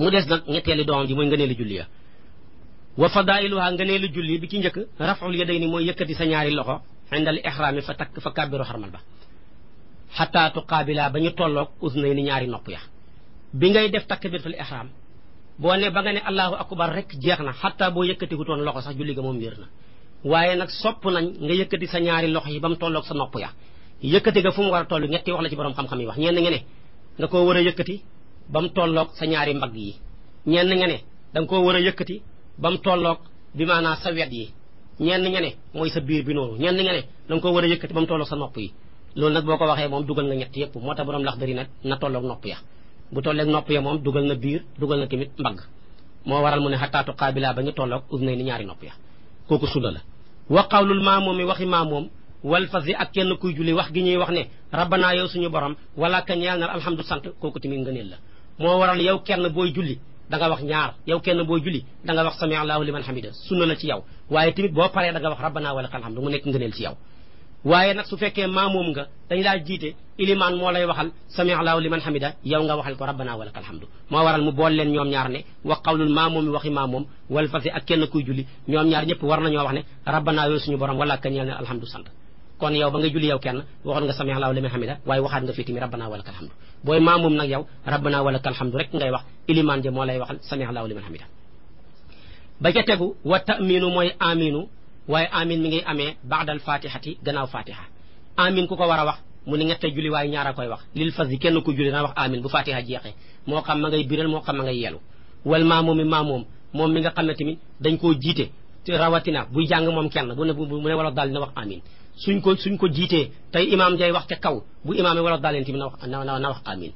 mu des nak ñetteelu doom ji moy ngeeneli julli ya wa fadailuha ngeeneli julli bi ci njëkk raful yadayni moy yëkkati sa ñaari loxo indal ihrami fa tak fa kabiru harmal ba hatta tuqabila bañu tollok ñaari nopp ya bi ngay def fil ihram bo ne ba nga ne allahu akbar rek jeexna hatta bo boo yëkkati ton loxo sax julli ga mom wér waye nak sopp nañ nga sa ñaari loxo yi bam tollok sa nopp ya yëkkati ga fu mu war tollu ñetti wax la ci borom xam-xam yi wax ñen nga ne nga ko wara bam tolok sa ñaari mbag yi ñenn nga ne dang ko wara yëkëti bam tolok bi maana sa wet yi ñenn nga ne moy sa biir bi noonu ñenn nga ne dang ko wara yëkëti bam tolok sa nopp yi loolu nak boko waxee moom dugal nga ñett yépp moo tax borom lax dari nak na tolok nopp ya bu tolok nopp ya moom dugal na biir dugal na timit mbag moo waral mu ne tu qabila ba ñu tolok usnay ni ñaari nopp ya koku sula la wa qawlul maamoom waxi wal fazi ak kenn kuy julli wax gi ñuy wax ne rabbana yow suñu borom wala ka ñeel na alhamdu sant koku timi ngeenel la moo waral yow kenn booy julli da nga wax ñaar yow kenn booy julli da nga wax sami allahu liman hamida sunna la ci yow waaye tamit boo paree da nga wax rabbana wa lakal hamdu mu nekk ngëneel ci yow waaye nag su fekkee maamoom nga dañ laa jiite ilimaan moo lay waxal sami allahu liman hamida yow nga waxal ko rabbana wa lakal hamdu moo waral mu bool leen ñoom ñaar ne wax xawlul maamoom yi waxi maamoom wal fasi ak kenn kuy julli ñoom ñaar ñëpp war wax ne rabbana yooyu suñu borom wala kañ ñeel ne alhamdu sant kon yow ba nga julli yow kenn waxoon nga sami allahu liman hamida waaye waxaat nga fiiti mi rabbana walakal hamdu booy maamum nag yow rabbana walakal hamdu rek ngay wax iliman ja moo lay waxal sami allahu liman hamida ba ca tegu wa taminu mooy aminu waaye amin mi ngi amee baax baadal fatihati gannaaw fatiha amin ku ko war a wax mu ni ñette julli waaye ñaar a koy wax lil fas yi kenn ku julli na wax amin bu fatiha jeexee moo xam ma ngay biral moo xam ma ngay yelu wal maamoom mi maamoom moom mi nga xam ne tamit dañ koo jiite rawatina buy jàng moom kenn bu ne bu ne wala daal dina wax amin suñ ko suñ ko jiitee tey imaam jay wax ca kaw bu imaamee wala daal tamit na wax na wax amin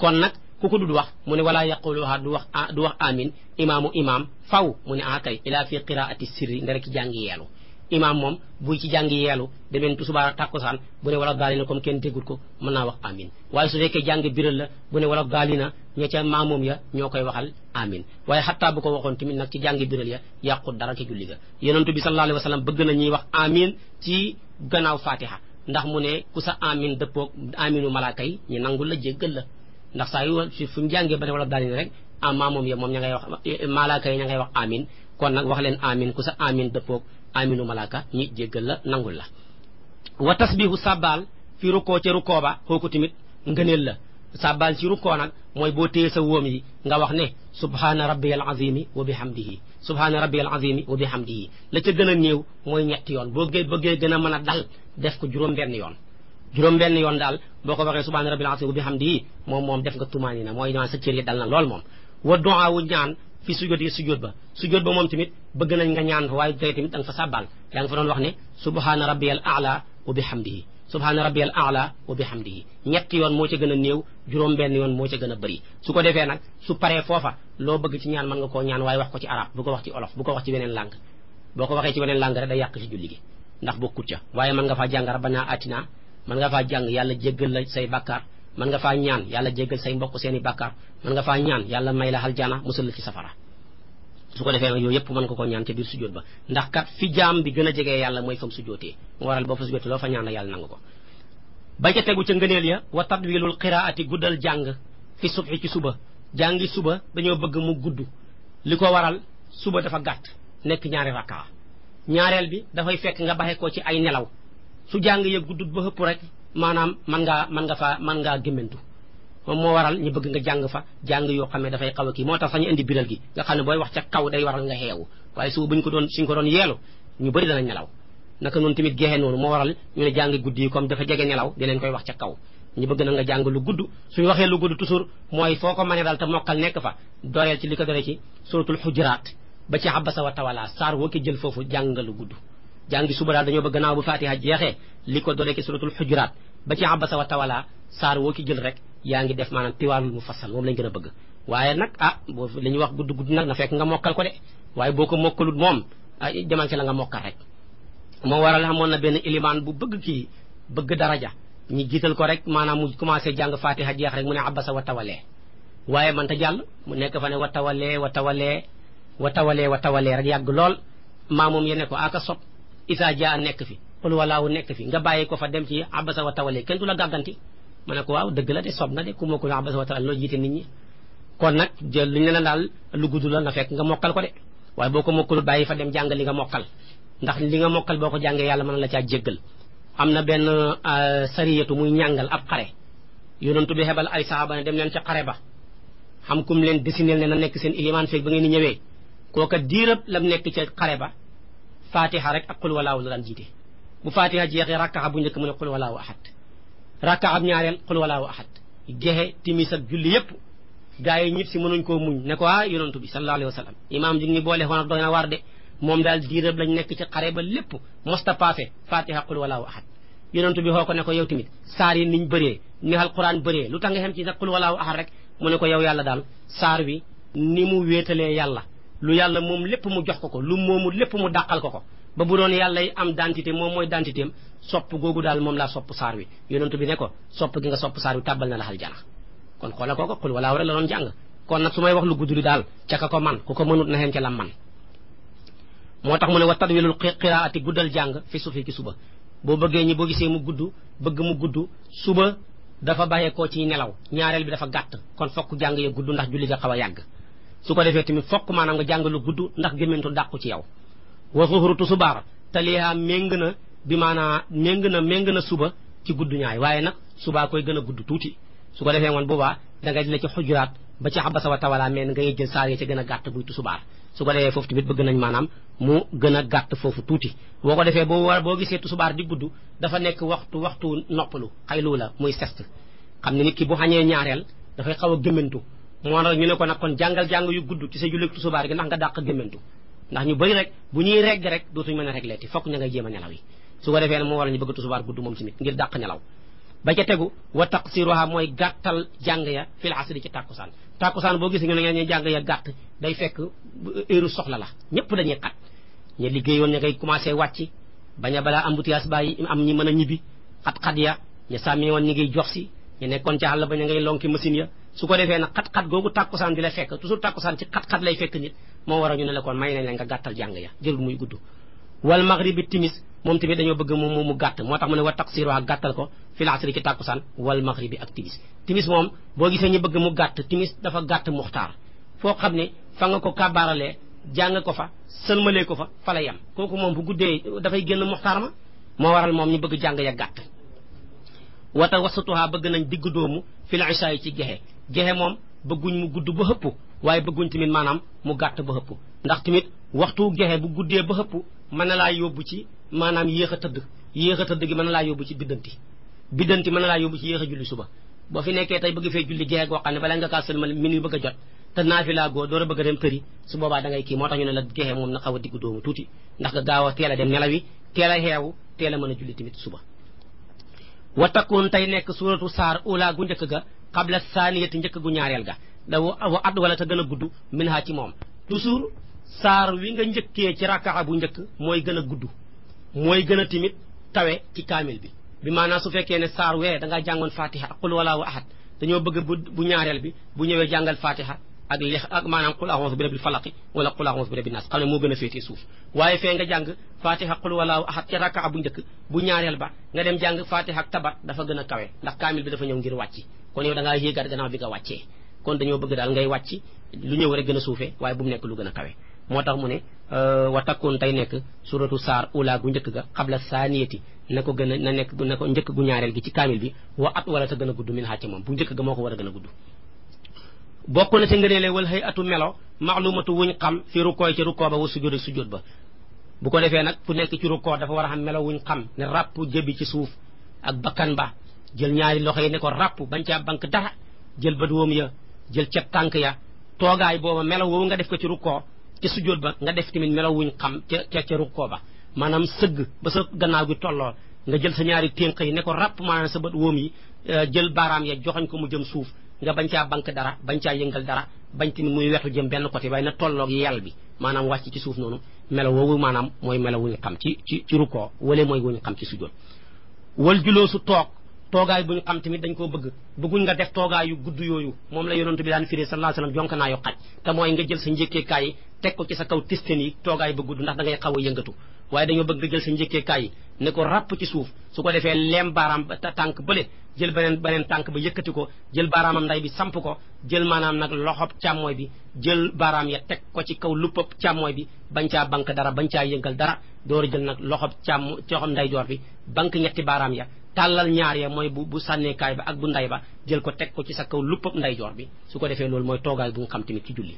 kon nag ku ko du wax mu ne walaa yaquluha du wax du wax amin imaamu imaam faw mu ne ah kay ila fi qiraati sirri ndara ki jàng yeelu imam mom bu ci jang yelu demen tu suba takkusaan bu ne wala gaalina kom ken ko wax amin waaye su fekke jang biral la bu ne wala gaalina ña ca maamoom ya ñokay waxal amin waaye hatta bu ko waxon timin nak ci jang biral ya yaqut dara ci julliga ga yonentu bi sallallahu alaihi wasallam na ñi wax amin ci gannaaw fatiha ndax mu ne ku sa amin depok, aminu malakai, yi ñu nangul la jéggal la ndax saa ci fu mu jàngee ba wala dalina rek ah maamoom ya mom ñay wax malaaka yi wax amin kon nak wax len amin ku sa amin depok. aminu malaaka ñi jéggal la nangul la wa tasbihu sàbbaal fi rukkoo ca rukkoo ba kooku tamit ngëneel la sàbbaal ci rukkoo nag mooy boo téye sa wóom yi nga wax ne subhaana rabbiyal azimi wa bihamdihi subhaana rabbiyal azimi wa bihamdihi la ca gën a néew mooy ñetti yoon boo bëggee gën a mën a dal def ko juróom-benn yoon juróom-benn yoon daal boo ko waxee subhaana rabbiyal azimi wa bihamdihi moom moom def nga tumaani na mooy sa cër yi dal na lool moom wa duwaa wu ñaan fi sujud yi sujud ba sujud ba mom tamit bëgg nañ nga ñaan way tay tamit da fa sabbal ya nga fa doon wax ne subhana rabbiyal a'la wa bihamdihi subhana rabbiyal a'la wa bihamdihi ñetti yoon mo ci gëna neew juroom juróom benn yoon mo ci gëna bari su ko defé nak su paré fofa lo bëgg ci ñaan man nga ko ñaan way wax ko ci arab bu ko wax ci olof bu ko wax ci benen lang boko ko ci benen lang rek day ci julli gi ndax bokku ca waye man nga fa rabbana atina man nga fa jang yalla jéggal la say bakkar man nga fa ñaan yalla jéggal say mbokk seeni bakkar man nga fa ñaan yalla may la aljana musul ci safara su ko defee nag yooyu yëpp mën nga ko ñaan ci biir sujjóot ba ndax kat fi jaam bi gën a jegee yàlla mooy fam sujjóotee mu waral boo fa sujjóotee loo fa ñaan yàlla nangu ko ba ca tegu ca ngëneel ya wa tadwilul qiraati guddal jàng fi subhi ci suba jàngi suba dañoo bëgg mu gudd li ko waral suba dafa gàtt nekk ñaari rakkaa ñaareel bi dafay fekk nga baxe ko ci ay nelaw su jàng ya guddut ba xëpp rek manam man nga man nga fa man nga gemendu moom waral ñi bëgg nga jang fa jang yo xamé da fay xaw ki motax sañu indi biral gi nga xamné boy wax ci kaw day waral nga xew waye su buñ ko doon suñ ko doon yeelu ñu bari dana ñalaw naka non timit geexee non mo waral ñu ne jang guddi kom dafa jégué ñalaw di leen koy wax ci kaw ñi bëgg na nga jang lu gudd suñ waxé lu gudd moy foko mané dal ta mokal nek fa doyal ci liko doré ci suratul hujurat ba ci habasa wa tawala sar wo ki jël fofu jang lu gudd jàngi suba dal dañu bëgg naaw bu fatiha jeexee liko doré ci suratul hujurat ba ci abasa wa tawala sar wo ki jël rek yaangi def manam tiwaanul mu mom moom lañ bëgg waye nak ah bo li wax gudd gudd nak na fekk nga mokal ko de waye boko ko mom ay ah la nga mokal rek mo waral na ben iliman bu bëgg ki bëgg daraja ñi gital ko rek manam mu commencé jang fatiha jeex rek mu ne abasa wa tawale waye man ta jall mu nekk fa ne wa tawale wa tawale wa tawale wa tawale rek yag lool yene ya ko aka sop isa jaa nekk fi xul walaawu nekk fi nga bàyyi ko fa dem ci abasa wa tawale kenn du la gàgganti ma ne ko waaw dëgg la de sob na de ku mokkul abasa wa tawale jiite nit ñi kon nag jël li ne la lu gudd la na fekk nga mokkal ko de waaye boo ko mokkul bàyyi fa dem jàng li nga mokkal ndax li nga mokkal boo ko jàngee yàlla mën la caa jéggal am na benn euh, sariyatu muy ñàngal ab xare yonentu bi hebal ay sahaba ne dem leen ci xare ba xam kum leen desinel ne na nekk seen iliman feeg ba ngeen ñëwee kooka diirab lam nekk ca xare ba fatiha rek ak la daan bu fatiha jeexee rakkaxa bu ñëk mu ne qul walaahu ahad rakkaxab ñaarel qul walaahu ahad jeexé timis ak julli yépp gaay yi ñitt ci mënuñ ko muñ ne ko ah yonantu bi sallallahu alayhi wasallam imam ji ngi boole woon ak doy na war de mom dal diirab lañ nekk ci xare ba lépp mosta fe fatiha qul walaahu ahad yonantu bi xoo ne ko yow timit saar yi niñ bëree ni qur'an bëree lu tax nga xem ci nag qul walaahu ahad rek mu ne ko yow yàlla dal saar wi ni mu wétalé yàlla lu yàlla mom lépp mu jox ko ko lu momu lépp mu dàqal ko ko ba bu doon yàlla am dantité moom mooy dantitéem sopp googu daal moom laa sopp saar wi yonentu bi ne ko sopp gi nga sopp saar wi tàbbal na la jana kon xoola ko xul wala wara la doon jàng kon nag su may wax lu guddu daal ca ka ko man ku ko mënut na ca la man moo tax mu ne wa tadwilul qiraati guddal jàng fi sufi ki suba boo bëggee ñi boo gisee mu gudd bëgg mu gudd suba dafa bàyyeekoo ci nelaw ñaareel bi dafa gàtt kon fokk jàng ya gudd ndax julli ga xaw a yàgg su ko defee tamit fokk maanaam nga jàng lu gudd ndax dàqu ci yow wa zuhru tusubar taliha mengna bi mana mengna na suba ci guddu ñaay waye nak suba koy gëna a gudd tuuti su ko defé won boobaa da nga la ci hujurat ba ci habasa wa tawala men nga jël saar ya ci gëna gatt bu buy su ko tamit bëgg nañ manam mu gëna gatt fofu tuuti boo ko defee bo boo gisee di gudd dafa nek waxtu waxtu noppalu xaylu la muy sest xamni nit ki bu xañee ñaareel dafay xaw a gëmmantu moo ñu ne ko nag kon yu gudd ci sa julleeg tusubaar gi nak nga ndax ñu bari rek bu ñuy reg rek dootuñ mën a regleeti fokk ña ngay jéem nelaw yi su ko defee moo waral ñu bëgg tusubaar gudd moom nit ngir dàq nelaw ba ca tegu wa taqsiruha mooy gàttal jàng ya fil asri ci takusan takusan boo gis ñu ne ñuy jàng ya gàtt day fekk heure soxla la ñëpp dañuy xat ña liggéeyoon ña ngay commencé wàcc baña balaa ambutiyaas bàyyi am ñi mën a xat-xat ya ñi sàmmi woon ñi ngiy jox si ñu nekkoon ci àll ba ña ngay lonki machine ya su ko defee na xat-xat googu takusan di la fekk toujours takusan ci xat-xat lay fekk nit mo wara ñu ne la kon may nañ la nga gàttal jàng ya jël muy gudd wal maghribi timis moom tamit dañoo bëgg mu mu gàtt moo tax mu ne wa taksiru ak gàttal ko fil asri ci takusan wal maghribi ak timis timis moom boo gisee ñu bëgg mu gàtt timis dafa gàtt muxtaar foo xam ne fa nga ko kàbbaaralee jàng ko fa sëlmalee ko fa fa la yam kooku moom bu guddee dafay génn muxtaar ma moo waral moom ñu bëgg jàng ya gàtt wata wasatuha bëgg nañ digg doomu fil isaayi ci gexe gexe moom bëgguñ mu gudd ba hëpp waye bëgguñ timit manam mu gatt ba hepp ndax timit waxtu gehe bu guddee ba hepp man la yobbu ci manam yeexa teud yeexa teud gi man la yobbu ci bidanti bidanti man la yobbu ci yeexa julli suba bo fi nekké tay bëgg fe julli gexe goo xam ne balaa nga kaa sëlmal min yu bëgg jot te nafila go doora bëgg dem tëri su boba da ngay ki mo tax ñu ne la gehe moom na xaw a diggu doomu tuti ndax ga gaaw téla dem nelawi téla xew téla mëna julli timit suba wa takun tay nekk suratu sar ula gu njëkk ga qabla saniyati njëkk gu ñaarel ga da wa at wala te gën a gudd min ci moom toujours saar wi nga njëkkee ci rakkaa bu njëkk mooy gën a gudd mooy gën a timit tawe ci kaamil bi bi su fekkee ne saar wee da ngaa jàngoon fatiha ak qul walaahu ahad dañoo bëgg bu bu ñaareel bi bu ñëwee jàngal fatiha ak lex ak maanaam qul a'udhu bi rabbil falaq wala qul a'udhu bi rabbin nas xam ne moo gën a féetee suuf waaye fee nga jàng fatiha qul walaahu ahad ca rakkaa bu njëkk bu ñaareel ba nga dem jàng fatiha ak tabat dafa gën a kawe ndax kaamil bi dafa ñëw ngir wàcc kon yow da ngaa yéegaat bi nga wàccee kon dañoo bëgg daal ngay wàcc lu ñëw rek gën a suufe waaye bu mu nekk lu gën a kawe moo tax mu ne euh, wa takkoon tay nekk suratu saar ula gu njëkk ga xabla saaniyati na ko gën a na nekk na ko njëkk gu ñaareel gi ci kaamil bi wa at wala ta gën a gudd min xàcce moom bu njëkk ga moo ko war a gën a gudd bokk na ci ngëneele wal xëy atu melo maalumatu wuñ xam fi koy ci rukkoo ba wa sujud ak ba bu ko defee nag ku nekk ci rukkoo dafa war a xam melo wuñ xam ne ràpp jëbi ci suuf ak bakkan ba jël ñaari loxo yi ne ko ràpp bañ caa bank dara jël bët ya jël ca tànk ya toogaay booba melaw woowu nga def ko ci rukkoo ci sujjóot ba nga def tamit melaw wuñ xam ca ca ca rukkoo ba maanaam sëgg ba sa gannaaw gi tolloo nga jël sa ñaari ténk yi ne ko ràpp sa bët wóom euh, jël baaraam ya joxoñ ko mu jëm suuf nga bañ caa bank dara bañ caa yëngal dara bañ muy wetu jëm benn côté waaye na tolloog yàll bi maanaam wàcc ci suuf noonu melaw maanaam mooy melaw wuñ xam ci ci ci rukkoo wala mooy wuñ xam ci sujjóot wal juloo su toog togaay buñu xam tamit dañ ko bëgg bëgguñ nga def togaay yu gudd yooyu moom la yonent bi daan firi sallallahu alayhi wasallam jonk naa yu xaj te mooy nga jël sa njëkkeekaay yi teg ko ci sa kaw tisteen yi toogaay ba gudd ndax da ngay xaw a yëngatu waaye dañoo bëgg jël sa ne ko ràpp ci suuf su ko defee leem baaraam tànk bële jël beneen beneen tànk ba yëkkati ko jël baaraamam nday bi samp ko jël maanaam nag loxob càmmooy bi jël baaraam ya teg ko ci kaw luppab càmmooy bi bañ caa bank dara bañ caa yëngal dara door jël nag loxob càmm loxob nday joor bi bank ñetti baaraam ya tàllal ñaar ya mooy bu bu sànneekaay ba ak bu ndey ba jël ko teg ko ci sa kaw luppab ndeyjoor bi su ko defee loolu mooy toogaay bu nga xam tamit ci julli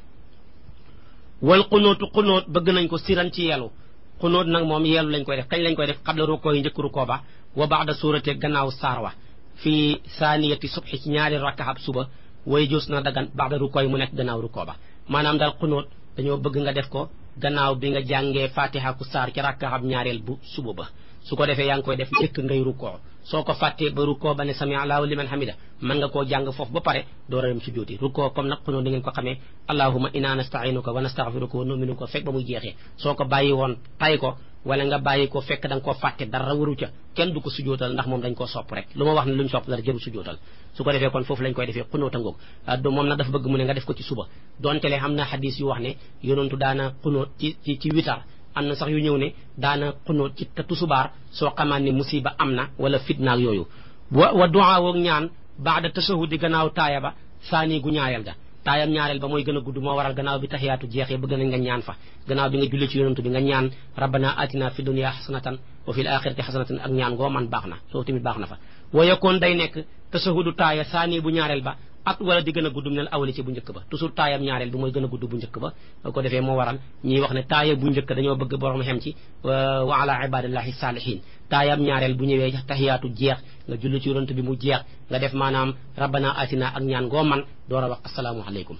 wal xunóotu xunóot bëgg nañ ko siran ci yeelu xunóot nag moom yeelu lañ koy def kañ lañ koy def xabla rukoo yi njëkk rukoo ba wa baada suurate gannaaw saar wa fii saaniyati subhi ci ñaari rakkaxab suba way jos na dagan baada rukoo yi mu nekk gannaaw rukoo ba maanaam daal xunóot dañoo bëgg nga def ko gannaaw bi nga jàngee fatiha ku saar ci rakkaxab ñaareel bu suba ba su ko defee yaa ngi koy def njëkk ngay rukkoo soo ko fàttee ba rukkoo ba ne sami allahu liman hamida mën nga koo jàng foofu ba pare doo a dem su jóoti rukkoo comme nag xunóo ni wa nastaghfiruka wa numinu ko fekk ba muy jeexee soo ko bàyyi woon tay ko wala nga bàyyi ko fekk da nga koo fàtte dara waru ca kenn du moom dañ koo sopp rek lu ma wax ne luñ sopp dara jëru ko defee kon foofu lañ koy defee xunóo tangoog ah, moom nag dafa bëgg mu ne nga def ko ci suba donte le xam na xadis yu wax ne yonentu daana xunóo ci ci am na sax yu ñëw ne daana xunóot ci te tusubaar soo xamaan ne musiba am na wala fitnaag yooyu wa wa duaa woog ñaan baada tashahudi gannaaw taaya ba saani gu ñaareel ga taayam ñaareel ba mooy gën a gudd moo waral gannaaw bi taxiyaatu jeexee bëgg nañ nga ñaan fa gannaaw bi nga julli ci yonantu bi nga ñaan rabbana atina fi dunia xasanatan wa fi l axirati xasanatan ak ñaan goo man baax na soo tamit baax na fa wa yakoon day nekk tashahudu taaya saani at wala di gën a gudd mu ne awali ci bu njëkk ba toujours taayam ñaareel bi mooy gën a gudd bu njëkk ba ko defee moo waral ñuy wax ne taaya bu njëkk dañoo bëgg borom xem ci wa ala ibadillahi saalihin taayam ñaareel bu ñëwee tahiyaatu jeex nga julli ci yonent bi mu jeex nga def maanaam rabbana atina ak ñaan ngoo man door a wax asalaamu aleykum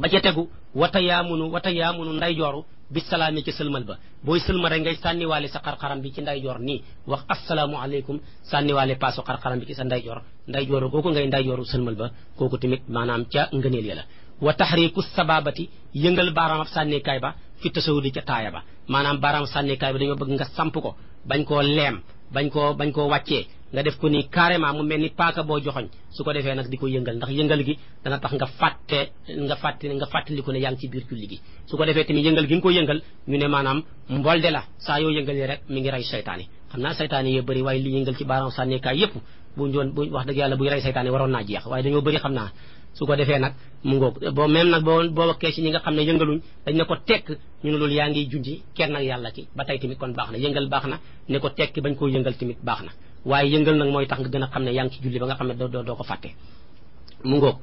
ba ca tegu wata yaa wata yaamunu nday jooru bi salaami ci sëlmal ba booy sëlmal rek ngay sànniwaale sa xarxaram bi ci ndeyjoor nii wax asalaamualeykum sànniwaale paasu xarxaram bi ci sa ndeyjoor ndeyjooru kooku ngay ndeyjooru sëlmal ba kooku tamit maanaam ca ngëneel ya la wa tahriku sababati yëngal baaraam sànnikaay ba fi tasawudi ca taaya ba maanaam baaraam sànnikaay ba dañoo bëgg nga samp ko bañ koo leem bañ koo bañ koo wàccee nga def ko nii carrément mu mel ni paaka boo joxoñ su ko defee nag di ko yëngal ndax yëngal gi dana tax nga fàtte nga fàtte nga fàttaliku ne yaa ci biir julli gi su ko defee tamit yëngal gi nga ko yëngal ñu ne maanaam mbolde la saa yoo yëngalee rek mi ngi rey seytaane xam naa saytaane yee bëri waaye li yëngal ci baaraam sànnikaay yëpp bu njoon bu wax dëgg yàlla buy rey saytaane waroon naa jeex waaye dañoo bëri xam naa su ko defee nag mu boo même nag boo boo wakkee ci ñi nga xam ne yëngaluñ dañ ne ko tekk ñu ne loolu yaa ngi junji kenn ak yàlla ci ba tey tamit kon baax na yëngal baax na ne ko tekk bañ koo yëngal tamit baax na waaye yëngal nag mooy tax nga gën a xam ne yaa ngi ci julli ba nga xam ne doo doo ko fàtte mu ngoog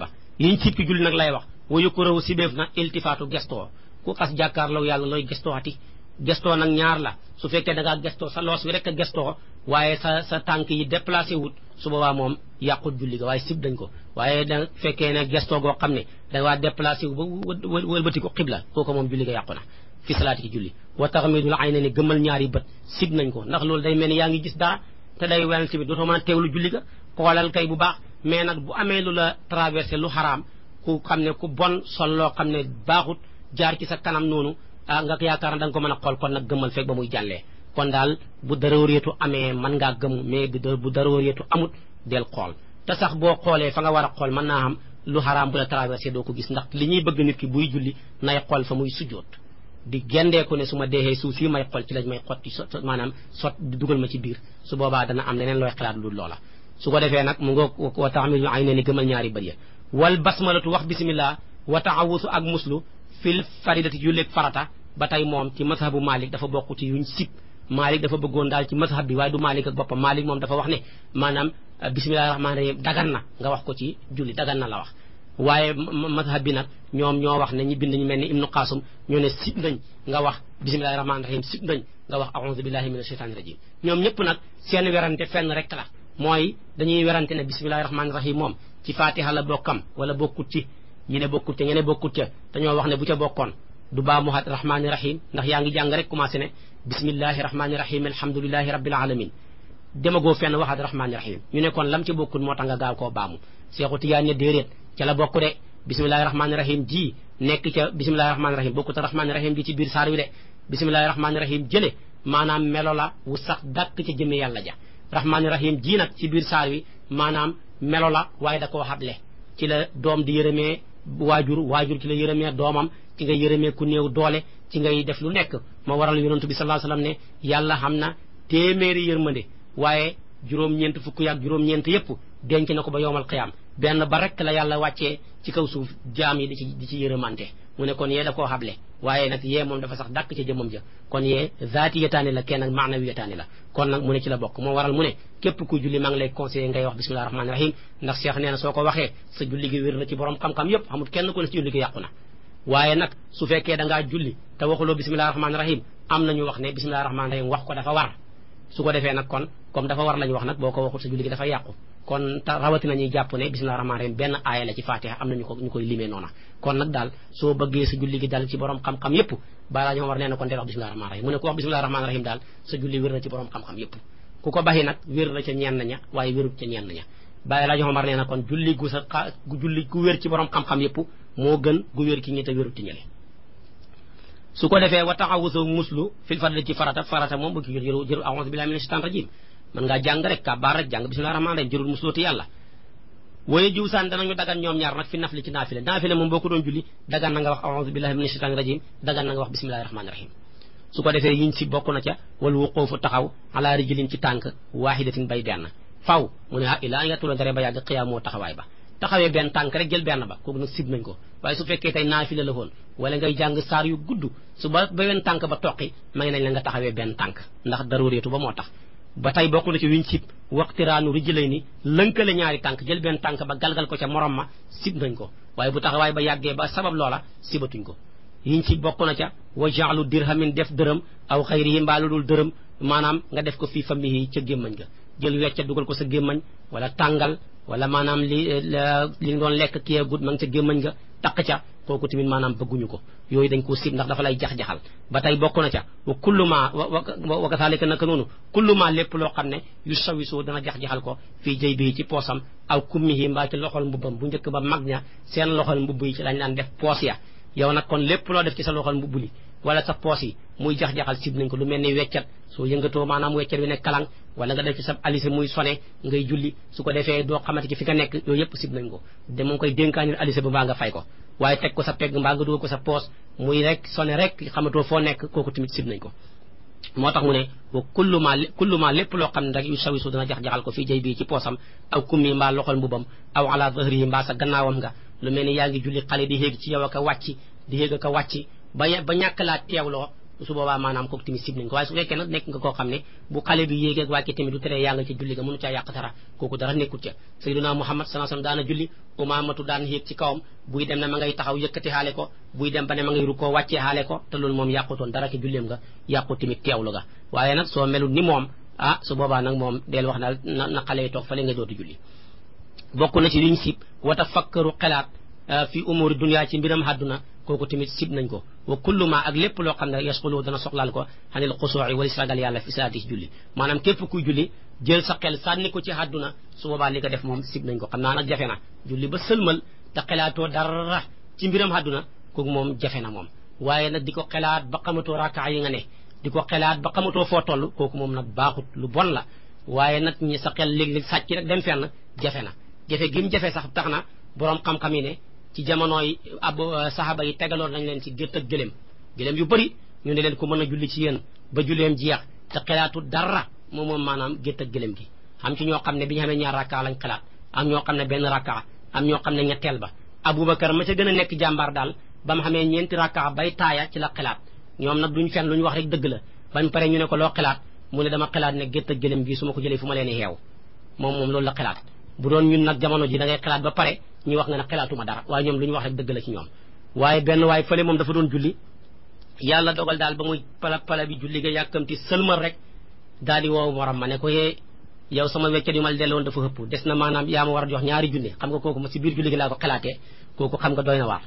ba yiñ sippi julli nag lay wax wayu ko raw si béef na iltifaatu gestoo ku xas jàkkaarloo yàlla looy gestoati gesto nak ñaar la su fekke da nga gesto sa loss bi rek gesto waye sa sa tank yi déplacer wut su baba mom yàqut julli ga waye sib dañ ko waye da fekke ne gesto go xam da wa déplacer wu wëlbeuti ko qibla koko mom julli ga yaquna fi salati julli wa taghmidul aynani gemal ñaari bet sib nañ ko ndax lool day melni yaangi gis da te day wel bi do to man tewlu julli ga xolal kay bu baax mais nak bu amé lu la traverser lu haram, ku xamne ku bon sol lo xamne ne baaxut jaar ci sa kanam nonu Ah, nga yaakaar na da nga ko mën a xool kon nag gëmmal fekk ba muy jàllee kon daal bu darooreetu amee mën ngaa gëm mais bu darooreetu amut del xool te sax boo xoolee fa nga war a xool mën naa am lu xaraam bu la traversé doo ko gis ndax li ñuy bëgg nit ki buy julli nay xool fa muy sujjoot di gendeeku ne su ma deexee suuf si may xool ci lañ may xotti so maanaam sot dugal ma ci biir su boobaa dana am leneen looy xalaat lu loola su ko defee nag mu nga wa taxmilu ay ne ni gëmal ñaari bët ya wal basmalatu wax bisimillah wa fil faridati julleeg farata ba tey moom ci mazhabu Malik dafa bokk ci yuñ sib Malik dafa bëggoon daal ci mazhab bi waaye du Malik ak boppam Malik moom dafa wax ne maanaam euh, bismillahi rahmaani rahim dagan na nga wax ko ci julli dagan na la wax waaye mazhab bi nag ñoom ñoo wax ne ñi bind ñu mel ni ibnu qasim ñoo ne sib nañ nga wax bismillahi rahmaani rahim sib nañ nga wax a'udhu billahi minash shaitani rajim ñoom ñëpp nag seen werante fenn rek la mooy dañuy werante ne bismillahi rahmaani rahim moom ci fatiha la bokkam wala bokkut ci ñi ne bokkut ca ñene bokkut ca dañoo wax ne bu ca bokkon du ba hat rahmani rahim ndax yaangi jang rek commencé ne bismillahir rahmani rahim alhamdulillahi rabbil alamin go fenn waxat rahmani rahim ñu ne kon lam ci bokkut moo nga gaaw ko baamu cheikhou tiyane ci la bokku de bismillahir rahmani rahim ji nek ca bismillahir rahmani rahim bokut rahmani rahim di ci bir saar wi de bismillahir rahmani rahim jele manam melola wu sax dak ci jëm yalla ja rahmani rahim ji nak ci bir saar wi maanaam melo la da ko ci la dom di waajur waajur ci la yërëmee doomam ci nga yërëmee ku néew doole ci ngay def lu nekk ma waral yonentu bi sallallahu alayhi wasallam ne yàlla xam na téeméeri yërmande waaye juróom-ñeent fukk yaak juróom-ñeent yépp denc na ko ba yowmal qiyaam benn ba rekk la yàlla wàccee ci kaw suuf jaam yi di ci di ci yërëmante mu ne kon yee da koo xable waaye nag yee moom dafa sax dàkk ca jëmmam ja kon yee zaati yetaani la kenn ak maanawi yetaani la kon nag mu ne ci la bokk moo waral mu ne képp ku julli maa ngi lay conseillé ngay wax bisimilah rahmaani rahim ndax Cheikh nee na soo ko waxee sa julli gi wér na ci borom xam-xam yépp xamul kenn ku ne si julli gi yàqu na waaye nag su fekkee da ngaa julli te waxuloo bisimilah rahmaani rahim am ñu wax ne bisimilah rahmaani rahim wax ko dafa war su ko defee nag kon comme dafa war lañu wax nag boo ko waxul sa julli gi dafa kon rawatina nañu japp ne bismillahir rahmanir rahim ben aya la ci fatiha amna na ñu ko ñu koy limee noona kon nak dal so bëggé sa julli gi dal ci borom xam-xam yépp la ñu war nee kon del wax bismillah rahim mu ne ku wax bismillahir rahmanir rahim dal sa julli wér na ci borom xam-xam yépp ku ko baxé wir wér na ca ñenn ña way wëru ci ñenn ña ba la ñu war na kon julli gu sa gu julli ku wër ci borom xam-xam yépp mo gën gu wër ki ñi ta wëru ci ñëlé su ko wa ta'awuzu muslu fil fadli ci farata farata moom bu ki jëru jëru a'udhu billahi minash shaitanir rajim man nga jang rek kabaar rek jang bismillah rahman rahim jurul musuuti yalla waye san dana ñu dagan ñom ñaar nak fi nafli ci nafile nafile moom boo doon julli dagan nga wax a'udhu billahi minash shaitanir rajim dagan nga wax bismillahir rahmanir rahim su ko defee yiñ ci bokku na ca wal wuqufu taxaw ala rijlin ci tank wahidatin bay benn faw mu ne ah ilaa nga tula dare ba yag qiyamu taxawaay ba taxawee ben tank rek jël ben ba ko nag sib nañ ko waye su fekke tay nafile ya la hon wala ngay jang saar yu guddu su ba ben tank ba toqi may nañ la nga taxawee ben tank ndax daruriyatu ba ba tey bokk na ci wiñ sib waxtiraanu rijlay ni lënkale ñaari tànk jël benn tànk ba galgal ko ca morom ma sib nañ ko waaye bu taxawaay ba yàggee ba sabab loola sibatuñ ko yiñ sib bokk na ca wa jaalu dirhamin def dërëm aw xayri yi mbaa dul dërëm maanaam nga def ko fii famihi ca gémmañ ga jël wecca dugal ko sa gemmañ wala tangal wala manam li eh, li doon lek kiya gud mang ngi gemmañ gémmañ nga taq ca koku timin manam bëgguñu ko yoy dañ ko sip ndax dafa lay jax-jaxal ba tey na ca wa kullu ma wa kasaalika nak nonu kullu ma lepp lo xamne yu sawiso dana jax-jaxal ko fi jey bi ci posam aw kummihi mbaa ci loxol mbubam bu ñëk ba magña seen loxol ci lañ def pos ya yow nak kon lepp lo def ci sa loxol wala sa poos yi muy jax-jaxal sib nañ ko lu mel ni weccat soo yëngatoo maanaam weccat wi kalang wala nga def ci sa alise muy sone ngay julli su ko defee doo xamante ci fi nga nekk yooyu yëpp sib nañ ko de mu ngi koy ko waaye teg ko sa pegg mbaa nga dugal ko sa poos muy rek sone rek sib nañ ko moo tax mu ne kullu ma lépp loo xam ne rek yu sawisu dana jax-jaxal ko fii jay bii ci poosam aw kummi mbaa loxol mbubam aw ala zahri yi mbaa sa gannaawam nga lu mel ni yaa ngi julli xale di héeg ci yow ak a wàcc ba ba ñàkkalaat teewloo su boobaa maanaam kooku tamit sib nañ ko waaye su fekkee nag nekk nga koo xam ne bu xale bi yéegeeg wàcce tamit du tere yaa ci julli ga mënu caa yàq dara kooku dara nekkul ca ya. sayyiduna muhammad sallallahu alaihi wasallam daana julli umamatu daan yéeg ci kawam buy dem ne ma ngay taxaw yëkkati xaale ko buy dem ba ne ma ngay rukkoo wàccee xaale ko te loolu moom yàqutoon dara ci julleem ga yàqu tamit teewlu ga waaye ya nag soo melu ni moom ah su boobaa nag moom del wax na na xale yi toog fale nga dootu julli bokk na ci liñ sib wata fakkaru xelaat fi umur dunya ci mbiram àdduna kooku tamit sib nañ ko wa kullu ma ak lépp loo xam ne yasxulu dana soxlaal ko xanil xusuuci wala sagal yàlla fi saati julli maanaam képp kuy julli jël sa xel sànni ko ci àdduna su boobaa li ko def moom sib nañ ko xam naa nag julli ba sëlmal te xelaatoo dara ci mbiram àdduna kooku moom jafe na moom waaye nag di ko xelaat ba xamatoo rakaa yi nga ne di ko xelaat ba xamatoo foo toll kooku moom nag baaxut lu bon la waaye nag ñi sa xel léeg-léeg sàcc rek dem fenn jafe jafe gi mu jafe sax tax borom xam-xam ci jamonooy ab euh, saxaaba yi tegaloon nañ leen ci gétt ak gëléem gëléem yu bëri ñu ne leen ku mën a julli ci yéen ba julleem jeex te xelaatu dara moom moom maanaam gétt ak gi am ci ñoo xam ne bi ñu xamee ñaar rakka lañ xelaat am ñoo xam ne benn rakka am ñoo xam ne ñetteel ba aboubacar ma ca gën a nekk jàmbaar daal ba mu xamee ñeenti rakka bay taaya ci la xelaat ñoom nag ñu fenn lu ñu wax rek dëgg la bañ pare ñu ne ko loo xelaat mu ne dama xelaat ne gétt ak gi su ma ko jëlee fu ma leen xeew moom moom loolu la xelaat bu ñi wax nga ne xelaatuma dara waaye ñoom lu ñu wax rek dëgg la ci ñoom waaye benn waaye fële moom dafa doon julli yàlla dogal daal ba muy pala pala bi julli ga yàkkamti sëlmal rek daal di woow morom ma ne ko yee yow sama weccat yu ma delloon dafa hëpp des na maanaam yaa ma war a jox ñaari junne xam nga kooku ma si biir julli gi laa ko xalaatee kooku xam nga doy na waar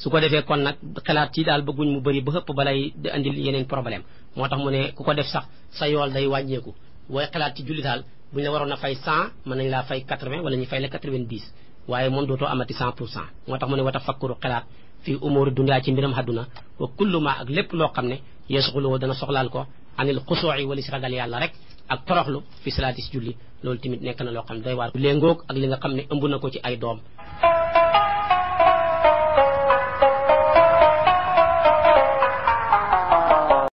su ko defee kon nag xalaat ci daal bëgguñ mu bëri ba hëpp balay di andil yeneen problème moo tax mu ne ku ko def sax sa yool day wàññeeku waaye xalaat ci julli daal buñ la waroon a fay 100 mën nañ laa fay 80 wala ñu fay la 90 waaye moom dootoo amati 100 pour cent moo tax mu ne wata fakkuru xelaat fi umur dunyaa ci mbiram hadduna wa kullu ma ak lépp loo xam ne yeesuxuloo dana soxlaal ko anil xusooci wali si ragal yàlla rek ak toroxlu fi salaati julli loolu timit nekk na loo xam ne doy waar léengoog ak li nga xam ne ëmb na ko ci ay doom